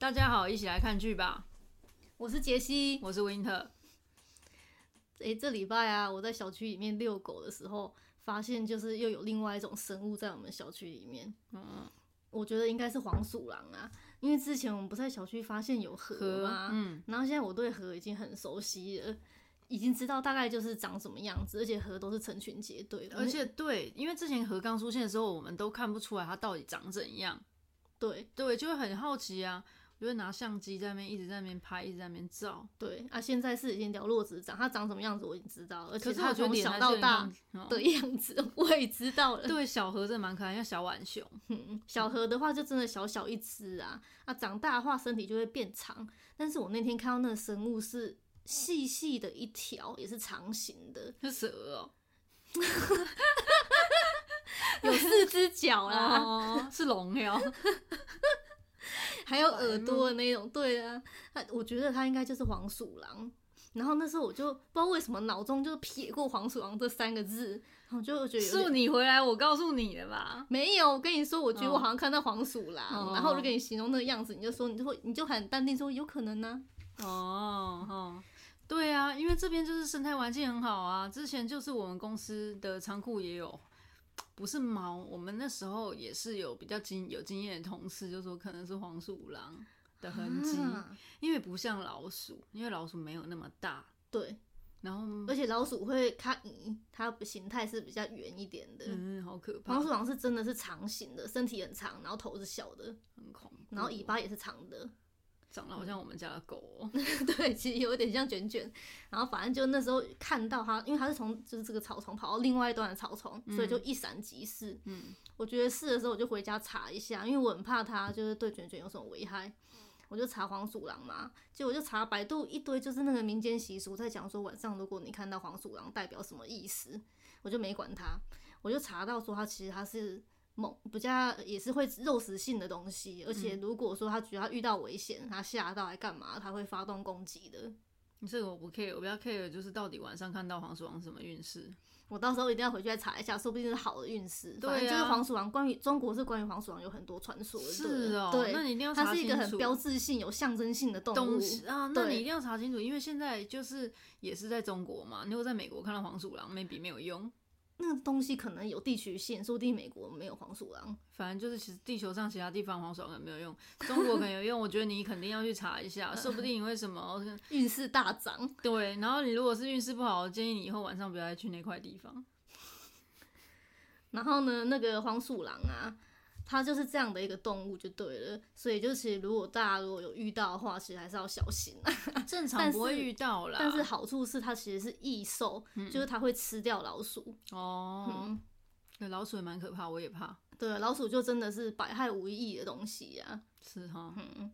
大家好，一起來看劇吧！我是傑西，我是 Winter。誒、欸，這禮拜啊，我在小區裡面遛狗的時候，發現就是又有另外一種生物在我們小區裡面。嗯，我覺得應該是黃鼠狼啊，因為之前我們不在小區發現有貉嘛。嗯。然後現在我對貉已經很熟悉了，已經知道大概就是長什麼樣子，而且貉都是成群結隊的。而且、嗯、對，因為之前貉剛出現的時候，我們都看不出來它到底長怎樣。對對，就會很好奇啊。就會拿相機在那邊一直在那邊拍，一直在那邊照。對啊，現在是已經瞭若指掌，它長什麼樣子我已經知道了，可是它從小到大的樣子我，我也知道了。對，小河真的蠻可愛，像小浣熊。嗯、小河的話就真的小小一隻啊，啊，長大的話身體就會變長。但是我那天看到那個生物是細細的一條，也是長形的，是蛇哦， 有四隻腳啊，是龍哦。還有耳朵的那種，嗎對啊，他我覺得他應該就是黃鼠狼。然後那時候我就不知道為什麼腦中就瞥過黃鼠狼這三個字，然後就我覺得。是你回來，我告訴你的吧。沒有，我跟你說我，我覺得我好像看到黃鼠狼，哦、然後我就跟你形容那個樣子，你就說，你就會你就很淡定說，有可能呢、啊哦。哦，對啊，因為這邊就是生態環境很好啊，之前就是我們公司的倉庫也有。不是貓，我們那時候也是有比較經有經驗的同事，就說可能是黃鼠狼的痕跡，啊、因為不像老鼠，因為老鼠沒有那麼大。對，然後，而且老鼠會看，它形態是比較圓一點的。嗯，好可怕。黃鼠狼是真的是長形的，身體很長，然後頭是小的，很恐怖，然後尾巴也是長的。長得好像我們家的狗喔。嗯，對，其實有點像捲捲。然後反正就那時候看到它，因為它是從就是這個草叢跑到另外一端的草叢，所以就一閃即逝。嗯，嗯我覺得是的時候我就回家查一下，因為我很怕它就是對捲捲有什麼危害，我就查黃鼠狼嘛。結果我就查百度一堆，就是那個民間習俗在講說晚上如果你看到黃鼠狼代表什麼意思，我就沒管它。我就查到說它其實它是。猛，比較也是會肉食性的東西，而且如果說它只要遇到危險，它嚇、嗯、到還幹嘛，它會發動攻擊的。你這個我不 care，我比較 care 就是到底晚上看到黃鼠狼什麼運勢？我到時候一定要回去再查一下，說不定是好的運勢。對、啊，就是黃鼠狼，關於中國是關於黃鼠狼有很多傳說的。是哦，對，那你一定要查清楚。它是一個很標誌性、有象徵性的動物啊，那你一定要查清楚，對因為現在就是也是在中國嘛，你如果在美國看到黃鼠狼，maybe 沒有用。那個東西可能有地區性，說不定美國沒有黃鼠狼。反正就是，其實地球上其他地方黃鼠狼沒有用，中國可能有用。 我覺得你肯定要去查一下，說不定為什麼運勢 大漲。對，然後你如果是運勢不好，我建議你以後晚上不要再去那塊地方。 然後呢，那個黃鼠狼啊。它就是這樣的一個動物就對了，所以就是如果大家如果有遇到的話，其實還是要小心、啊。正 常不會遇到啦，但是好處是它其實是益獸，嗯、就是它會吃掉老鼠。哦，嗯、老鼠也蠻可怕，我也怕。對，老鼠就真的是百害無一益的東西呀、啊。是哈，嗯嗯。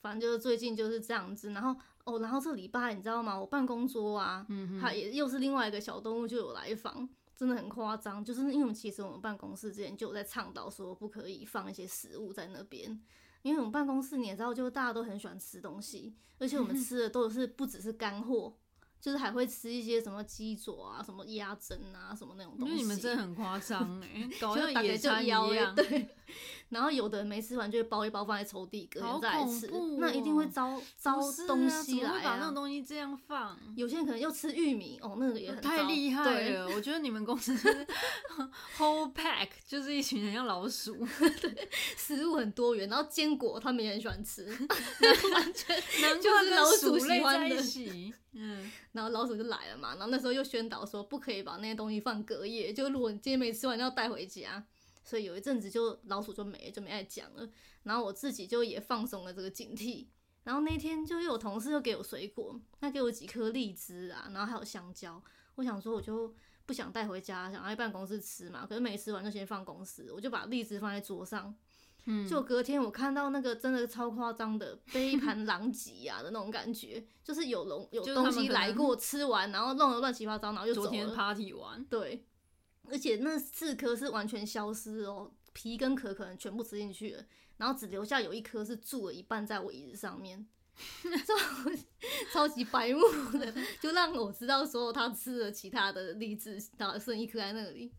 反正就是最近就是這樣子，然後哦，然後這禮拜你知道嗎？我辦公桌啊，嗯哼，它也又是另外一個小動物就有來訪。真的很誇張，就是因為我們其實我們辦公室之前就有在倡導說不可以放一些食物在那邊，因為我們辦公室你也知道，就大家都很喜歡吃東西，而且我們吃的都是不只是乾貨，嗯、就是還會吃一些什麼雞爪啊、什麼鴨胗啊、什麼那種東西。因為你們真的很誇張哎， 搞像野餐一樣。就就腰一樣對。然後有的人沒吃完，就會包一包放在抽屜，隔夜、哦、再來吃，那一定會招招東西來、啊、怎麼會把那種東西這樣放？有些人可能要吃玉米，哦，那個也很太厲害了，對了。我覺得你們公司、就是、 whole pack 就是一群人要老鼠， 食物很多元。然後堅果他們也很喜歡吃， 完全就是老鼠喜歡的。 嗯，然後老鼠就來了嘛。然後那時候又宣導說，不可以把那些東西放隔夜，就如果你今天沒吃完，要帶回家。所以有一陣子就老鼠就沒就沒再講了，然後我自己就也放鬆了這個警惕。然後那天就又有同事又給我水果，他給我幾顆荔枝啊，然後還有香蕉。我想說，我就不想帶回家，想在辦公室吃嘛。可是沒吃完就先放公司，我就把荔枝放在桌上。嗯，就隔天我看到那個真的超誇張的杯盤狼藉呀，啊，的那種感覺，就是有龍有東西來過吃完，然後弄得亂七八糟，然後又走了。昨天 party 玩。對。而且那四顆是完全消失哦，皮跟殼可能全部吃進去了，然後只留下有一顆是蛀了一半在我椅子上面，超 超級白目的，就讓我知道說他吃了其他的荔枝，然後剩一顆在那裡。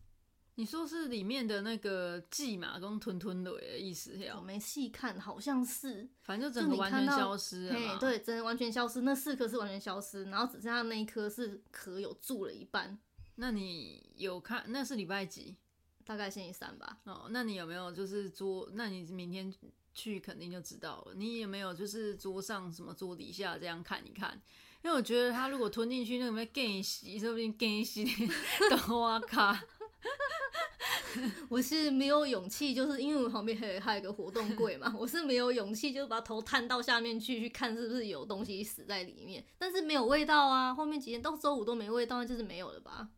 你說是裡面的那個薊馬？跟吞吞的意思是我沒細看，好像是。反正就整個就完全消失了。誒，對，真的完全消失。那四顆是完全消失，然後只剩下那一顆是殼有蛀了一半。那你有看，那是禮拜幾？大概星期三吧。哦，那你有沒有就是桌？那你明天去肯定就知道了。你有沒有就是桌上什麼桌底下這樣看一看？因為我覺得他如果吞進去，那裡面更稀說不定更稀裡哇卡。我是沒有勇氣，就是因為我旁邊還還有一個活動櫃嘛，我是沒有勇氣，就是把頭探到下面去去看是不是有東西死在裡面，但是沒有味道啊。後面幾天到週五都沒味道，就是沒有了吧。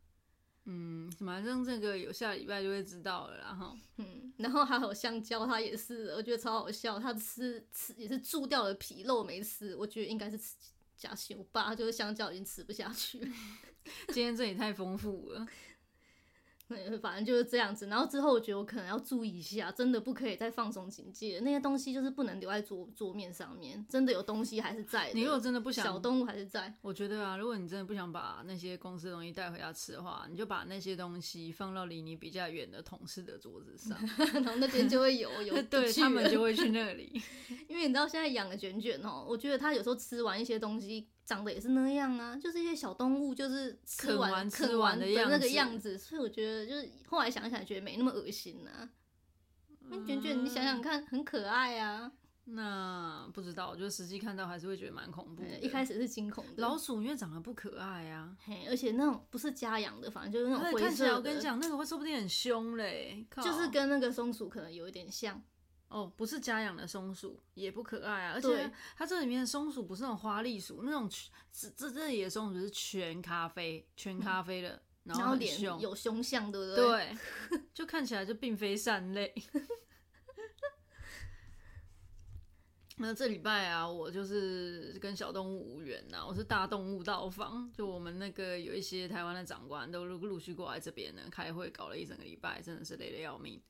嗯，反正、啊、這個有下禮拜就會知道了啦，然後嗯，然後還有香蕉，它也是，我覺得超好笑，它吃吃也是蛀掉了皮，肉沒吃，我覺得應該是吃夾心。我爸就是香蕉已經吃不下去了，今天這也太豐富了。 反正就是這樣子，然後之後我覺得我可能要注意一下，真的不可以再放鬆警戒，那些東西就是不能留在桌桌面上面，真的有東西還是在的。你如果真的不想小動物還是在，我覺得啊，如果你真的不想把那些公司東西帶回家吃的話，你就把那些東西放到離你比較遠的同事的桌子上， 然後那邊就會有 有，對了他們就會去那裡。 因為你知道現在養的捲捲哦、喔，我覺得他有時候吃完一些東西。長得也是那樣啊，就是一些小動物，就是吃完，完吃完的那個樣子，嗯，所以我覺得就是後來想想覺得沒那麼噁心啊。那卷卷，捲捲你想想看，很可愛啊。那不知道，就實際看到還是會覺得蠻恐怖的。一開始是驚恐的。老鼠因為長得不可愛啊，嘿，而且那種不是家養的，反正就是那種灰色的，看起來我跟你講，那個會說不定很兇嘞。就是跟那個松鼠可能有一點像。哦，不是家養的松鼠，也不可愛啊。對而且它這裡面的松鼠不是那種花栗鼠，那種全這這這野松鼠是全咖啡，全咖啡的，嗯、然後有點有凶相，對不對？對， 就看起來就並非善類。 那這禮拜啊，我就是跟小動物無緣吶、啊，我是大動物到訪。就我們那個有一些台灣的長官都陸續過來這邊呢，開會搞了一整個禮拜，真的是累得要命。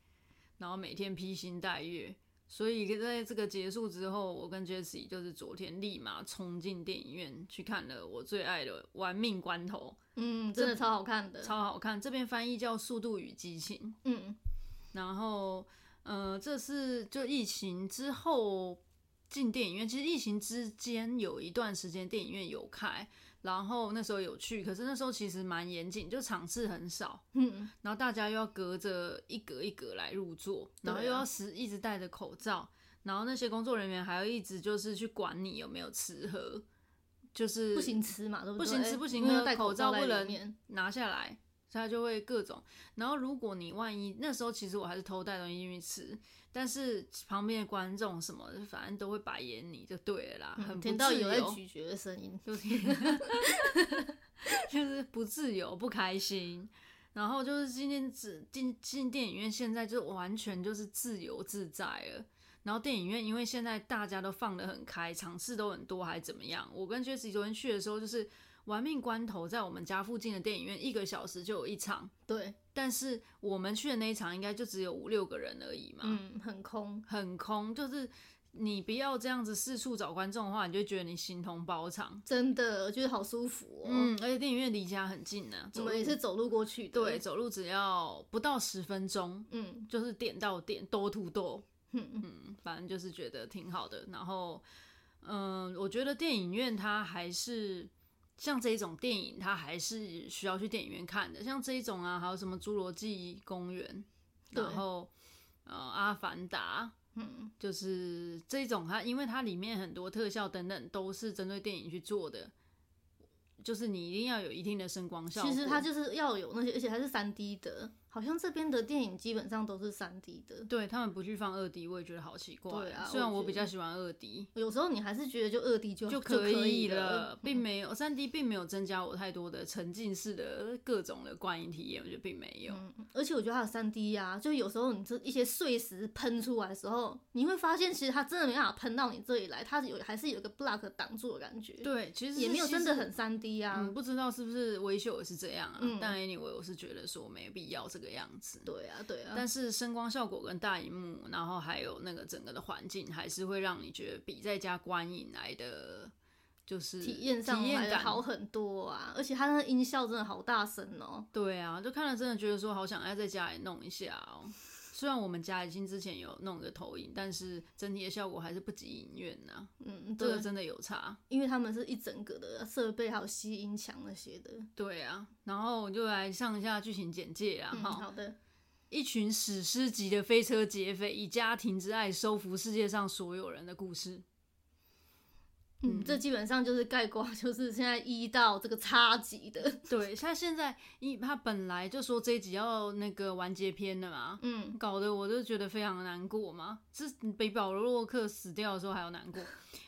然後每天披星戴月，所以在這個結束之後，我跟 Jessie 就是昨天立馬衝進電影院去看了我最愛的《玩命關頭》。嗯，真的超好看的，超好看。這邊翻譯叫《速度與激情》。嗯，然後，嗯，呃，這是就疫情之後進電影院。其實疫情之間有一段時間電影院有開。然後那時候有去，可是那時候其實蠻嚴謹，就場次很少。嗯，然後大家又要隔着一格一格來入座，啊、然後又要時一,一直戴着口罩，然後那些工作人員還要一直就是去管你有沒有吃喝，就是不行吃嘛，都不，不行吃，不行喝，要戴口罩，口罩不能拿下來。他就會各種，然後如果你萬一那時候，其實我還是偷帶東西進去吃，但是旁邊的觀眾什麼，反正都會白眼你就對了啦。很不自由，聽到有在咀嚼的聲音， 就是不自由不開心。然後就是今天只進進電影院，現在就完全就是自由自在了。然後電影院因為現在大家都放得很開，場次都很多還是怎麼樣？我跟 JS 昨天去的時候就是。玩命關頭在我們家附近的電影院，一個小時就有一場。對，但是我們去的那一場應該就只有五六個人而已嘛。嗯，很空，很空。就是你不要這樣子四處找觀眾的話，你就覺得你形同包場。真的，我覺得好舒服哦。嗯，而且電影院離家很近呢，我們也是走路過去。對,對，走路只要不到十分鐘。嗯，就是點到點多土多。door to door 嗯嗯，反正就是覺得挺好的。然後，嗯，我覺得電影院它還是。像這一種電影，它還是需要去電影院看的。像這一種啊，還有什麼《侏羅紀公園》，然後對呃，《阿凡達》，嗯，就是這一種它，因為它裡面很多特效等等都是針對電影去做的，就是你一定要有一定的聲光效果。其實它就是要有那些，而且它是三 D 的。好像這邊的電影基本上都是 3D 的，對，他們不去放 2D，我也覺得好奇怪。對啊，雖然我比較喜歡 2D，有時候你還是覺得就 2D 就就可以了，以了嗯、並沒有 3D 並沒有增加我太多的沉浸式的各種的觀影體驗，我覺得並沒有。嗯、而且我覺得還有 3D 啊，就有時候你這一些碎石噴出來的時候，你會發現其實它真的沒辦法噴到你這裡來，它有還是有一個 block 擋住的感覺。對，其實也沒有真的很 3D 啊，嗯。不知道是不是威秀也是這樣啊？嗯、但 anyway，我是覺得說沒必要這個。這個樣子，對啊，對啊，對啊，但是聲光效果跟大熒幕，然後還有那個整個的環境，還是會讓你覺得比在家觀影來的就是體驗上體驗感好很多啊！而且它那個音效真的好大聲哦！對啊，就看了真的覺得說好想要在家裡弄一下哦。雖然我們家已經之前有弄個投影，但是整體的效果還是不及影院吶。嗯，對，這個真的有差，因為他們是一整個的設備，還有吸音牆那些的。對啊，然後我就來上一下劇情簡介啊、嗯、吼好的，一群史詩級的飛車劫匪，以家庭之愛收服世界上所有人的故事。嗯，嗯，這基本上就是概括，就是現在一到這個差級的，對，像現在因為，他本來就說這一集要那個完結篇的嘛，嗯，搞得，我就覺得非常難過嘛，這比保羅沃克死掉的時候還要難過。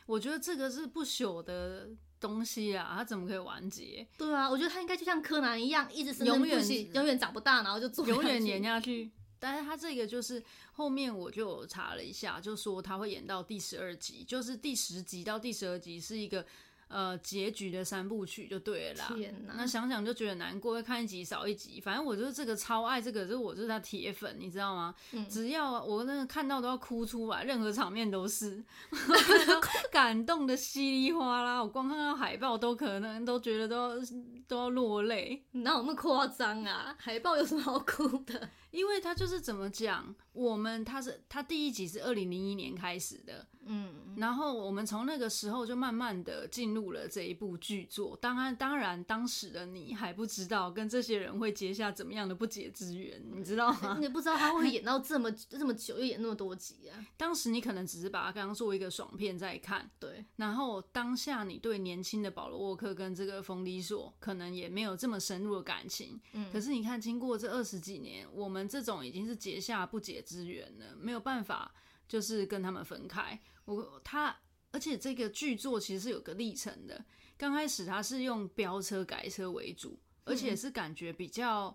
我覺得這個是不朽的東西啊，他怎麼可以完結？對啊，我覺得他應該就像柯南一樣，一直是永遠永遠長不大，然後就永遠演下去。但是他這個就是後面我就查了一下，就說他會演到第十二集，就是第十集到第十二集是一個。呃，結局的三部曲就對了。天哪，那想想就覺得難過。會看一集少一集，反正我就是這個超愛這個，就是我是他鐵粉，你知道嗎？嗯、只要我那個看到都要哭出來，任何場面都是， 感動的稀里嘩啦。我光看到海報都可能都覺得都要都要落淚。哪有那麼誇張啊？海報有什麼好哭的？因為他就是怎麼講，我們他是他第一集是二零零一年開始的，嗯，然後我們從那個時候就慢慢的進。錄了這一部劇作，當然，當然，當時的你還不知道跟這些人會結下怎麼樣的不解之緣，你知道嗎？ 你不知道他會演到這麼 這麼久，又演那麼多集啊！當時你可能只是把它當作一個爽片在看，對。然後當下你對年輕的保羅沃克跟這個馮迪索可能也沒有這麼深入的感情，嗯。可是你看，經過這二十幾年，我們這種已經是結下不解之緣了，沒有辦法，就是跟他們分開。我他。而且這個劇作其實是有個歷程的，剛開始它是用飆車改車為主，而且是感覺比較誒、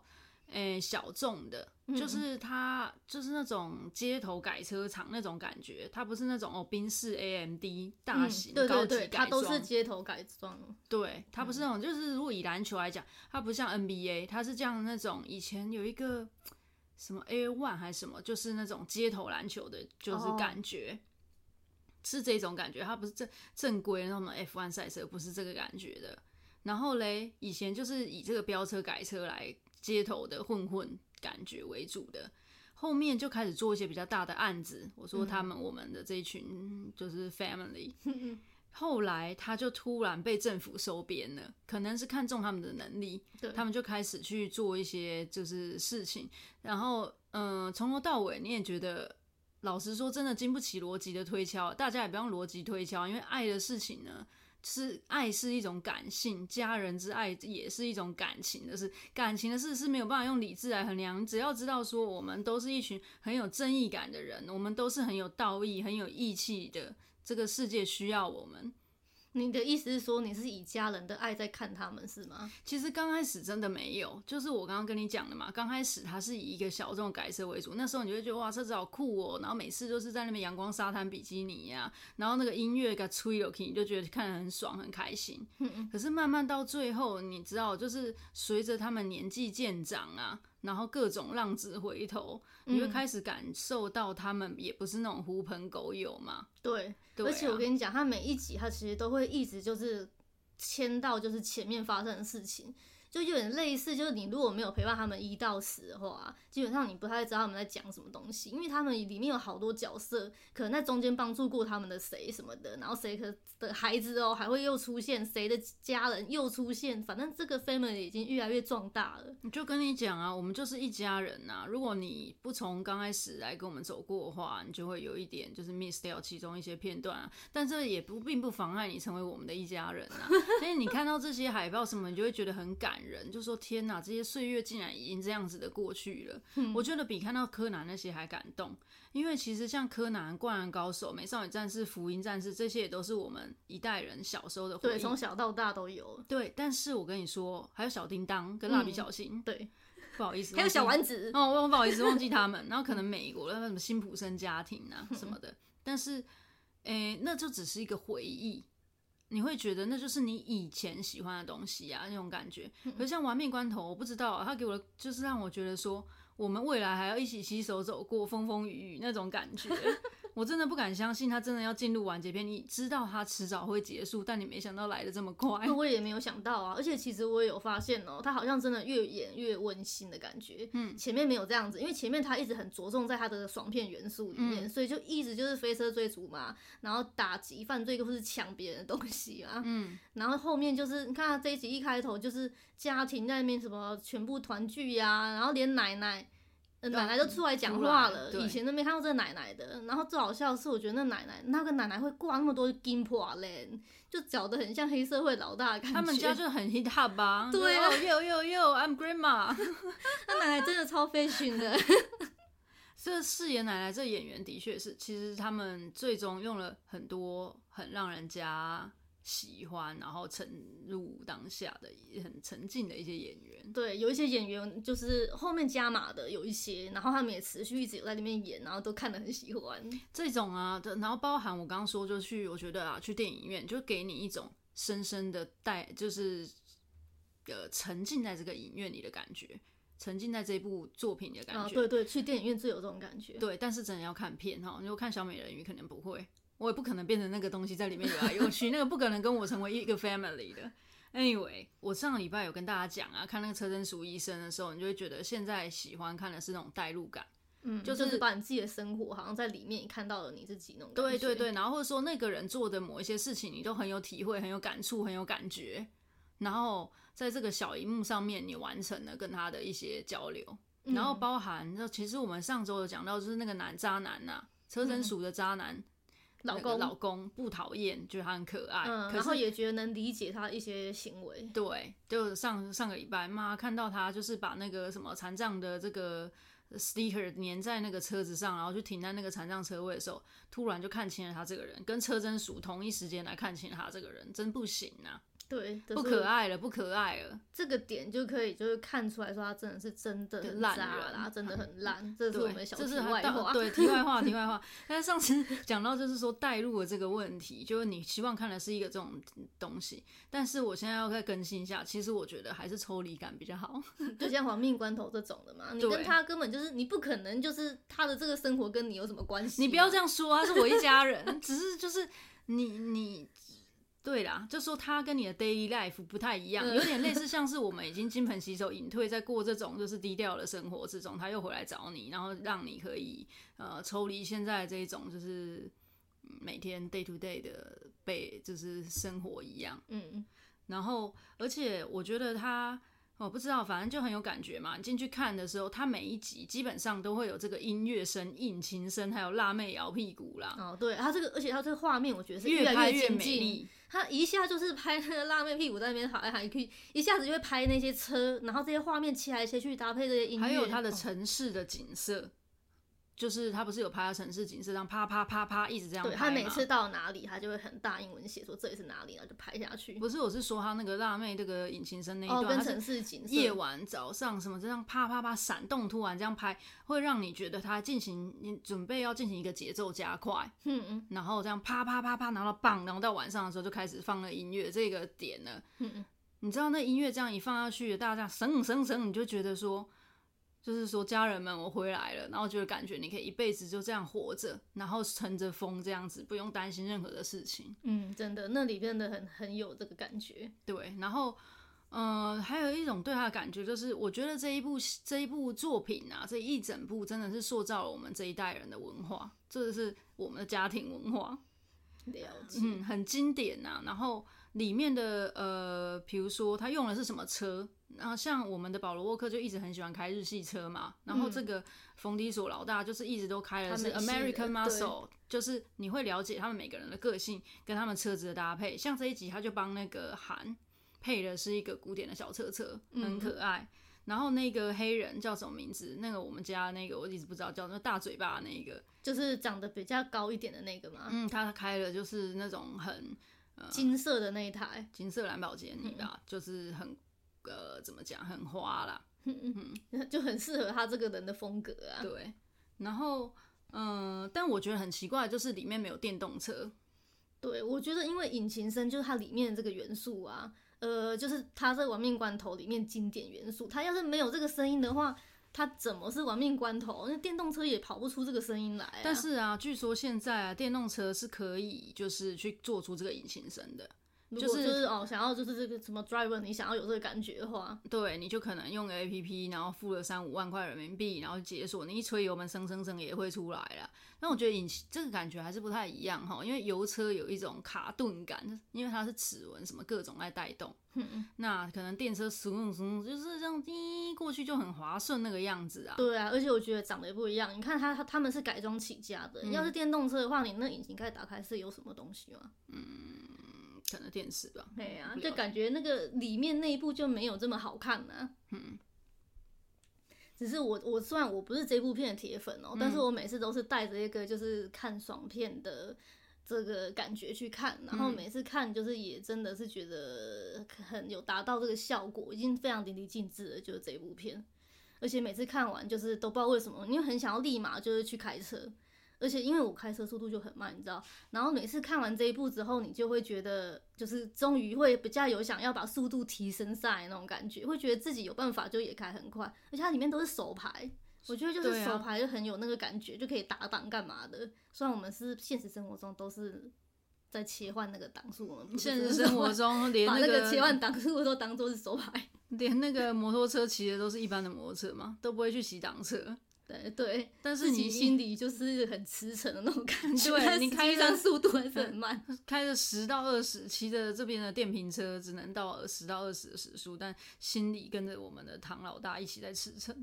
嗯欸、小眾的，嗯、就是它就是那種街頭改車場那種感覺，它不是那種哦賓士 A M D 大型高、嗯、對對對，它都是街頭改裝，對，它不是那種就是如果以籃球來講，它不像 N B A，它是這樣的那種以前有一個什麼 A One 還是什麼，就是那種街頭籃球的就是感覺。哦是這種感覺，它不是正正規那種 F1 賽車，不是這個感覺的。然後嘞，以前就是以這個飆車、改車來街頭的混混感覺為主的，後面就開始做一些比較大的案子。我說他們我們的這一群就是 family，、嗯、後來他就突然被政府收編了，可能是看中他們的能力，對他們就開始去做一些就是事情。然後嗯，從、呃、頭到尾你也覺得。老實說，真的經不起邏輯的推敲。大家也不用邏輯推敲，因為愛的事情呢，是愛是一種感性，家人之愛也是一種感情的事。感情的事是沒有辦法用理智來衡量。只要知道說，我們都是一群很有正義感的人，我們都是很有道義、很有義氣的。這個世界需要我們。你的意思是說，你是以家人的愛在看他們，是嗎？其實剛開始真的沒有，就是我剛剛跟你講的嘛，剛開始他是以一個小眾改色為主，那時候你就會覺得哇，車子好酷哦，然後每次就是在那邊陽光沙灘比基尼呀、啊，然後那個音樂 got o t 給吹着你就覺得看得很爽很開心。嗯、可是慢慢到最後，你知道，就是隨着他們年紀漸長啊。然後各種浪子回頭，你會開始感受到他們也不是那種狐朋狗友嘛。嗯、對，對啊。而且我跟你講，他每一集他其實都會一直就是牽到就是前面發生的事情。就有點類似，就是你如果沒有陪伴他們一到十的話，啊，基本上你不太知道他們在講什麼東西，因為他們裡面有好多角色，可能在中間幫助過他們的誰什麼的，然後誰的的孩子哦，喔，還會又出現，誰的家人又出現，反正這個 family 已經越來越壯大了。我就跟你講啊，我們就是一家人吶，啊。如果你不從剛開始來跟我們走過的話，你就會有一點就是 miss 掉其中一些片段啊。但這也不並不妨礙你成為我們的一家人啊。所以你看到這些海報什麼，你就會覺得很感。人就說：“天哪，這些歲月竟然已經這樣子的過去了。嗯”我覺得比看到柯南那些還感動，因為其實像柯南、灌籃高手、美少女戰士、福音戰士這些，也都是我們一代人小時候的回憶，從小到大都有。對，但是我跟你說，還有小叮當跟蠟筆小新，嗯、對，不好意思，還有小丸子。哦，我不好意思忘記他們。 然後可能美國的什麼辛普森家庭啊什麼的，嗯、但是，哎、欸，那就只是一個回憶。你會覺得那就是你以前喜歡的東西呀、啊，那種感覺。嗯、可是像玩命關頭，我不知道他、啊、給我的就是讓我覺得說，我們未來還要一起攜手走過風風雨雨那種感覺。 我真的不敢相信他真的要進入完結篇。你知道他遲早會結束，但你沒想到來得這麼快。那我也沒有想到啊！而且其實我也有發現哦、喔，他好像真的越演越溫馨的感覺。嗯，前面沒有這樣子，因為前面他一直很着重在他的爽片元素裡面，嗯、所以就一直就是飛車追逐嘛，然後打擊犯罪或者是搶別人的東西啊。嗯，然後後面就是你看他這一集一開頭就是家庭在那邊什麼全部團聚呀、啊，然後連奶奶。嗯、奶奶都出來講話了，以前都沒看到這奶奶的。然後最好笑的是，我覺得那奶奶，那個奶奶會掛那麼多金塊嘞，就搞得很像黑社會老大的感覺。他們家就很 hip hop，對，呦呦呦，I'm grandma。那 奶奶真的超 fashion 的。 這飾演奶奶這演員的確是，其實他們最終用了很多很讓人家喜歡，然後沉入當下的很沉浸的一些演員，對，有一些演員就是後面加碼的有一些，然後他們也持續一直有在那邊演，然後都看得很喜歡這種啊，對，然後包含我剛剛說就去，我覺得啊，去電影院就給你一種深深的帶，就是呃沉浸在這個影院裡的感覺，沉浸在這部作品的感覺，啊，對對，去電影院最有這種感覺，對，但是真的要看片哈，你如、哦、果看小美人魚可能不會。我也不可能變成那個東西在裡面游來游去 那個不可能跟我成為一個 family 的。Anyway，我上禮拜有跟大家講啊，看那個車貞淑醫生的時候，你就會覺得現在喜歡看的是那種代入感，嗯，就是把你自己的生活好像在裡面看到了你自己那種感覺。對對對，然後或者說那個人做的某一些事情，你都很有體會、很有感觸、很有感覺。然後在這個小熒幕上面，你完成了跟他的一些交流，嗯、然後包含就其實我們上周有講到，就是那個男渣男吶、啊，車貞淑的渣男。嗯老公老公不討厭，覺得他很可愛，嗯、可是然後也覺得能理解他一些行為。對，就上上個禮拜，媽看到他就是把那個什麼殘障的這個 sticker 粘在那個車子上，然後就停在那個殘障車位的時候，突然就看清了他這個人，跟車真叔同一時間來看清了他這個人，真不行啊！對，不可愛了，不可愛了。這個點就可以就是看出來說，他真的是真的是很渣啦，啊，啊、他真的很爛。這是我們的小題外對話。對，題外話，題外話。 但是上次講到就是說，帶入的這個問題，就是你希望看的是一個這種東西，但是我現在要再更新一下，其實我覺得還是抽離感比較好。就像玩命關頭這種的嘛， 對你跟他根本就是你不可能就是他的這個生活跟你有什麼關係？你不要這樣說，啊，他是我一家人， 只是就是你你。對啦，就說他跟你的 daily life 不太一樣，有點類似，像是我們已經金盆洗手、隱退，在過這種就是低調的生活之中，他又回來找你，然後讓你可以呃抽離現在這種就是每天 day to day 的被就是生活一樣。嗯，然後而且我覺得他。我不知道，反正就很有感覺嘛。你進去看的時候，它每一集基本上都會有這個音樂聲、引擎聲，還有辣妹搖屁股啦。哦，對，它這個而且它這個畫面，我覺得是越來越，越，越美麗。它一下就是拍那個辣妹屁股在那邊好還可以，一下子就會拍那些車，然後這些畫面切來切去搭配這些音樂，還有它的城市的景色。哦。就是他不是有拍到城市景色，這樣啪啪啪啪一直這樣拍嗎？對，他每次到哪裡，他就會很大英文寫說這裡是哪裡，然後就拍下去。不是，我是說他那個辣妹這個引擎聲那一段，哦、夜晚、早上什麼這樣啪啪啪閃動，突然這樣拍，會讓你覺得他進行你準備要進行一個節奏加快。嗯、然後這樣啪啪啪啪，然後，然後棒，然後到晚上的時候就開始放了音樂這個點了。嗯、你知道那音樂這樣一放下去，大家這樣省省省，你就覺得說。就是說，家人們，我回來了，然後就是感覺你可以一輩子就這樣活着，然後乘着風這樣子，不用擔心任何的事情。嗯，真的，那裡真的很很有這個感覺。對，然後，嗯、呃，還有一種對他的感覺就是，我覺得這一部這一部作品啊，這一整部真的是塑造了我們這一代人的文化，這、就是我們的家庭文化。了解，嗯，很經典吶、啊。然後。裡面的呃，比如說他用的是什麼車？然後像我們的保羅沃克就一直很喜歡開日系車嘛。嗯、然後這個馮迪索老大就是一直都開的是 American Muscle，就是你會了解他們每個人的個性跟他們車子的搭配。像這一集他就幫那個韓配的是一個古典的小車車，很可愛。嗯、然後那個黑人叫什麼名字？那個我們家那個我一直不知道叫什麼，大嘴巴那個，就是長得比較高一點的那個嘛。嗯，他開的就是那種很。金色的那一台，金色藍寶堅尼啊，就是很呃，怎麼講，很花啦，嗯，嗯就很適合他這個人的風格啊。對，然後嗯、呃，但我覺得很奇怪，就是裡面沒有電動車。對我覺得，因為引擎聲就是它裡面的這個元素啊，呃，就是它這個玩命關頭裡面經典元素，它要是沒有這個聲音的話。它怎麼是玩命關頭？那電動車也跑不出這個聲音來啊。但是啊，據說現在啊，電動車是可以就是去做出這個引擎聲的。就是、就是、哦，想要就是這個什麼 driver，你想要有這個感覺的話，對，你就可能用個 app，然後付了三五萬塊人民幣，然後解鎖，你一吹油門，生生生也會出來了。但我覺得引擎這個感覺還是不太一樣哈，因為油車有一種卡頓感，因為它是齒輪什麼各種來帶動。嗯、那可能電車什麼什麼就是這樣滴過去就很滑順那個樣子啊。對啊，而且我覺得長得也不一樣。你看它，它們是改裝起家的，嗯、你要是電動車的話，你那引擎蓋打開是有什麼東西嗎？嗯。成了電視吧？對啊，不不就感覺那個裡面那一部就沒有這麼好看了、啊。嗯，只是我我雖然我不是這部片的鐵粉哦，嗯、但是我每次都是帶着一個就是看爽片的這個感覺去看，嗯、然後每次看就是也真的是覺得很有達到這個效果，已經非常淋漓盡致了。就是這一部片，而且每次看完就是都不知道為什麼，因為很想要立馬就是去開車。而且因為我開車速度就很慢，你知道，然後每次看完這一部之後，你就會覺得就是終於會比較有想要把速度提升上來那種感覺，會覺得自己有辦法就也開很快。而且它裡面都是手排，我覺得就是手排就很有那個感覺，就可以打檔幹嘛的。啊、雖然我們是現實生活中都是在切換那個檔數，我們不現實生活中連那個，那個切換檔數都當做是手排，連那個摩托車騎的都是一般的摩托車嘛，都不會去騎檔車。對，但是你心裡就是很馳騁的那種感覺，對你開一張速度還是很慢，開着十到二十，騎着這邊的電瓶車只能到十到二十的時速，但心裡跟着我們的唐老大一起在馳騁。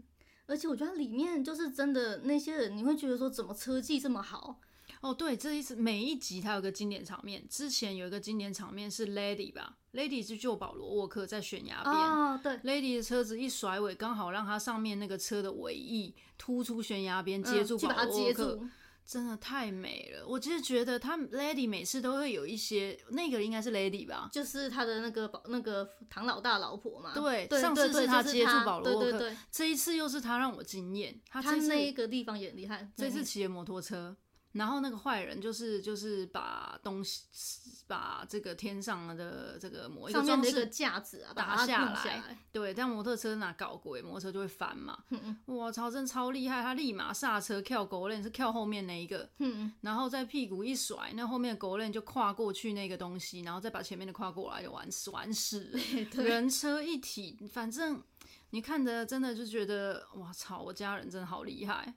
而且我覺得裡面就是真的那些人，你會覺得說怎麼車技這麼好。哦，對，這一次每一集它有個經典場面。之前有一個經典場面是 Lady 吧，Lady 去救保羅沃克在懸崖邊。哦、對，Lady 的車子一甩尾，剛好讓他上面那個車的尾翼突出懸崖邊，接住保羅沃克。嗯、真的太美了，我其實覺得他 Lady 每次都會有一些那個應該是 Lady 吧，就是他的那個保那個唐老大老婆嘛。對，上次是他接住保羅沃克，對對對對對，這一次又是他讓我驚艷。他，一他那一個地方也很厲害，這次騎的摩托車。然後那個壞人就是就是把東西把這個天上的這個模型上面架子打下來，啊、下來對，但摩托車哪搞鬼？摩托車就會翻嘛。嗯、哇，曹我操，真超厲害！他立馬剎車，跳狗鏈是跳後面那一個，嗯、然後在屁股一甩，那後面的狗鏈就跨過去那個東西，然後再把前面的跨過來就完事，完事。人車一體，反正你看着真的就覺得，我操，我家人真的好厲害。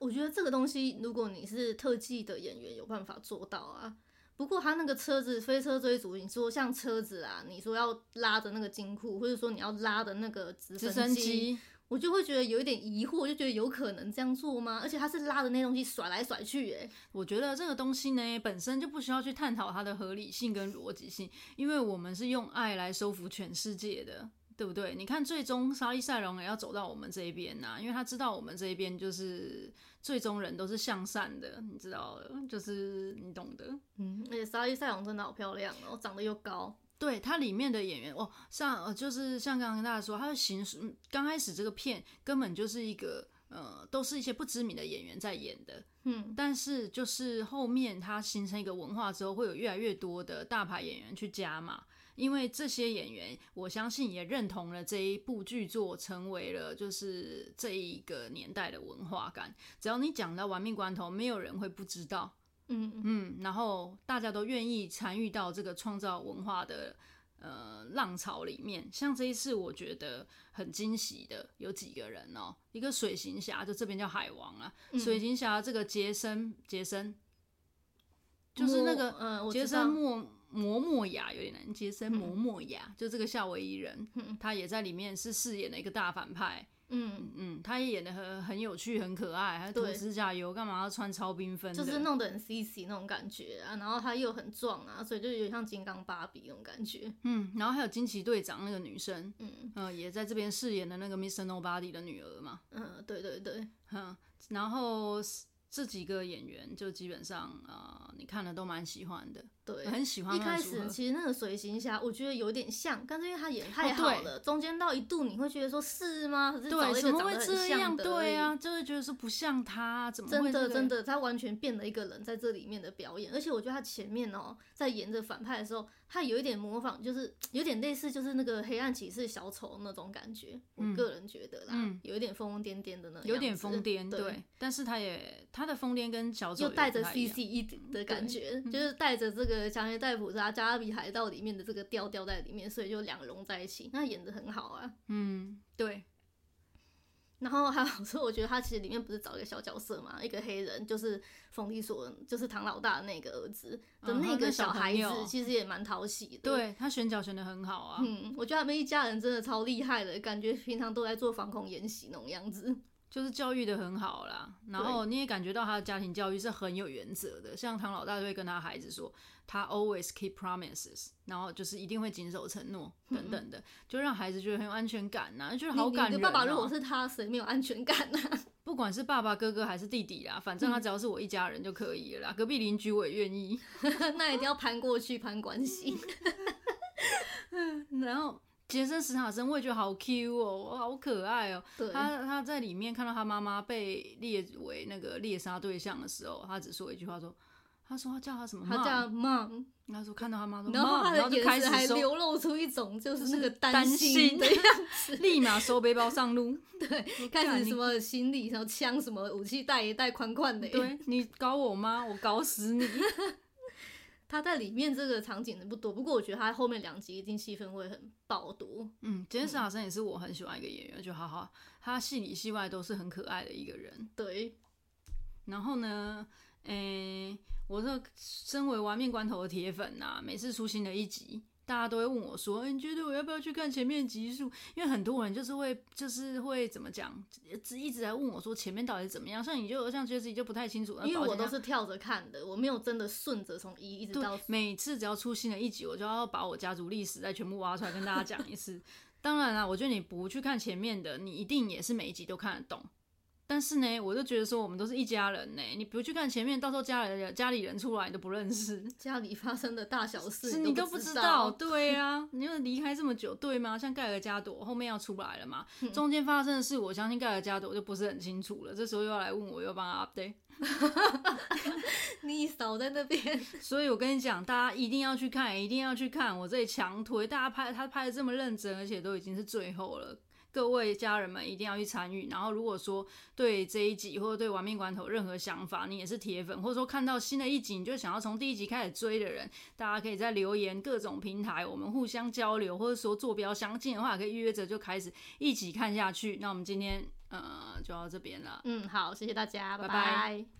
我覺得這個東西，如果你是特技的演員，有辦法做到啊。不過他那個車子飛車追逐，你說像車子啊，你說要拉着那個金庫，或者說你要拉的那個直升機，直升機。我就會覺得有一點疑惑，就覺得有可能這樣做嗎？而且他是拉着那些東西甩來甩去，誒。我覺得這個東西呢，本身就不需要去探討它的合理性跟邏輯性，因為我們是用愛來收服全世界的。對不對？你看，最終莎莉賽隆也要走到我們這一邊吶、啊，因為他知道我們這一邊就是最終人都是向善的，你知道，就是你懂的。嗯，而且莎莉賽隆真的好漂亮哦，長得又高。對，它裡面的演員哦，像呃，就是像剛剛跟大家說，它的形式，剛開始這個片根本就是一個呃，都是一些不知名的演員在演的。嗯，但是就是後面它形成一個文化之後，會有越來越多的大牌演員去加嘛。因為這些演員，我相信也認同了這一部劇作成為了就是這一個年代的文化感。只要你講到《玩命關頭》，沒有人會不知道，嗯嗯。然後大家都願意參與到這個創造文化的呃浪潮裡面。像這一次，我覺得很驚喜的有幾個人哦，一個水行俠，就這邊叫海王啊，嗯、水行俠這個傑森，傑森就是那個嗯，杰森莫。摩莫亞有點難接生，摩莫亞、嗯、就這個夏威夷人，嗯、他也在裡面是飾演了一個大反派。嗯嗯，他也演得很很有趣，很可愛，還塗指甲油幹對嘛要穿超繽紛，就是弄得很 sexy 那種感覺啊。然後他又很壯啊，所以就有點像金剛芭比那種感覺。嗯，然後還有驚奇隊長那個女生，嗯嗯、呃，也在這邊飾演的那個 Mr. Nobody 的女兒嘛。嗯，對對對,對，嗯，然後。這幾個演員就基本上，呃，你看了都蠻喜歡的，對、嗯，很喜歡。一開始其實那個水行俠，我覺得有點像，但是因為他演太好了，哦、對中間到一度你會覺得說是嗎？還是對，怎麼會這樣？對啊，就會覺得說不像他，怎麼會、這個？真的真的，他完全變了一個人在這裡面的表演，而且我覺得他前面哦，在演着反派的時候。他有一點模仿，就是有點類似，就是那個黑暗騎士小丑那種感覺。嗯、我個人覺得啦，嗯、有一點瘋瘋癲癲的那樣子有點瘋癲，對。對但是他也他的瘋癲跟小丑就帶着 CC 一的感覺，對就是帶着這個《加勒比海盜》裡面的這個調調在裡面，所以就兩融在一起，那演的很好啊。嗯，對。然後還有，所以我覺得他其實裡面不是找一個小角色嘛，一個黑人，就是馮迪索，就是唐老大的那個兒子、啊、的那個小孩子，其實也蠻討喜的。他，對，他選角選得很好啊。嗯，我覺得他們一家人真的超厲害的，感覺平常都在做反恐演習那種樣子。就是教育得很好啦，然後你也感覺到他的家庭教育是很有原則的，對像唐老大就會跟他孩子說，他 always keep promises，然後就是一定會謹守承諾、嗯、等等的，就讓孩子覺得很有安全感吶、啊，就好感恩、啊。爸爸如果是他，誰沒有安全感呢、啊？不管是爸爸、哥哥還是弟弟啦，反正他只要是我一家人就可以了啦。嗯、隔壁鄰居我也願意， 那一定要攀過去攀關係。嗯， 然後傑森·史塔森，我也覺得好 Q 哦，好可愛哦！對他他在裡面看到他媽媽被列為那個獵殺對象的時候，他只說一句話，說：“他說他叫他什麼？他叫 mom。”他說看到他媽說，媽然後他的眼神還流露出一種就是那個擔心的樣子， 立馬收背包上路。對，開始什麼行李，然後槍什麼武器帶一帶，寬寬的。對，你搞我媽，我搞死你！他在裡面這個場景的不多，不過我覺得他後面兩集一定戲份會很爆多。嗯，今天沈好像也是我很喜歡一個演員，嗯、就好好，他戲裡戲外都是很可愛的一個人。對，然後呢，誒、欸，我這身為玩命關頭的鐵粉吶、啊，每次出新的一集。大家都會問我說、欸：“你覺得我要不要去看前面集數？”因為很多人就是會，就是會怎麼講，一直一直在問我說前面到底是怎麼樣。像你就像覺得自己就不太清楚，因為我都是跳着看的，嗯、我沒有真的順着從一一直到四。每次只要出新的一集，我就要把我家族歷史再全部挖出來跟大家講一次。 當然啦，我覺得你不去看前面的，你一定也是每一集都看得懂。但是呢，我就覺得說，我們都是一家人呢。你不去看前面，到時候家人家裡人出來，你都不認識。家裡發生的大小事，你都不知道。對啊，你又離開這麼久，對嗎？像蓋爾加朵後面要出來了嘛，嗯、中間發生的事，我相信蓋爾加朵就不是很清楚了。這時候又要來問我，我又要幫他 update。 你少在那邊。所以我跟你講，大家一定要去看，一定要去看。我這裡強推，大家拍他拍的這麼認真，而且都已經是最後了。各位家人們一定要去參與，然後如果說對這一集或者對《玩命關頭》任何想法，你也是鐵粉，或者說看到新的一集你就想要從第一集開始追的人，大家可以在留言各種平台，我們互相交流，或者說坐標相近的話，也可以約着就開始一起看下去。那我們今天呃就到這邊了，嗯，好，謝謝大家，拜拜。拜拜。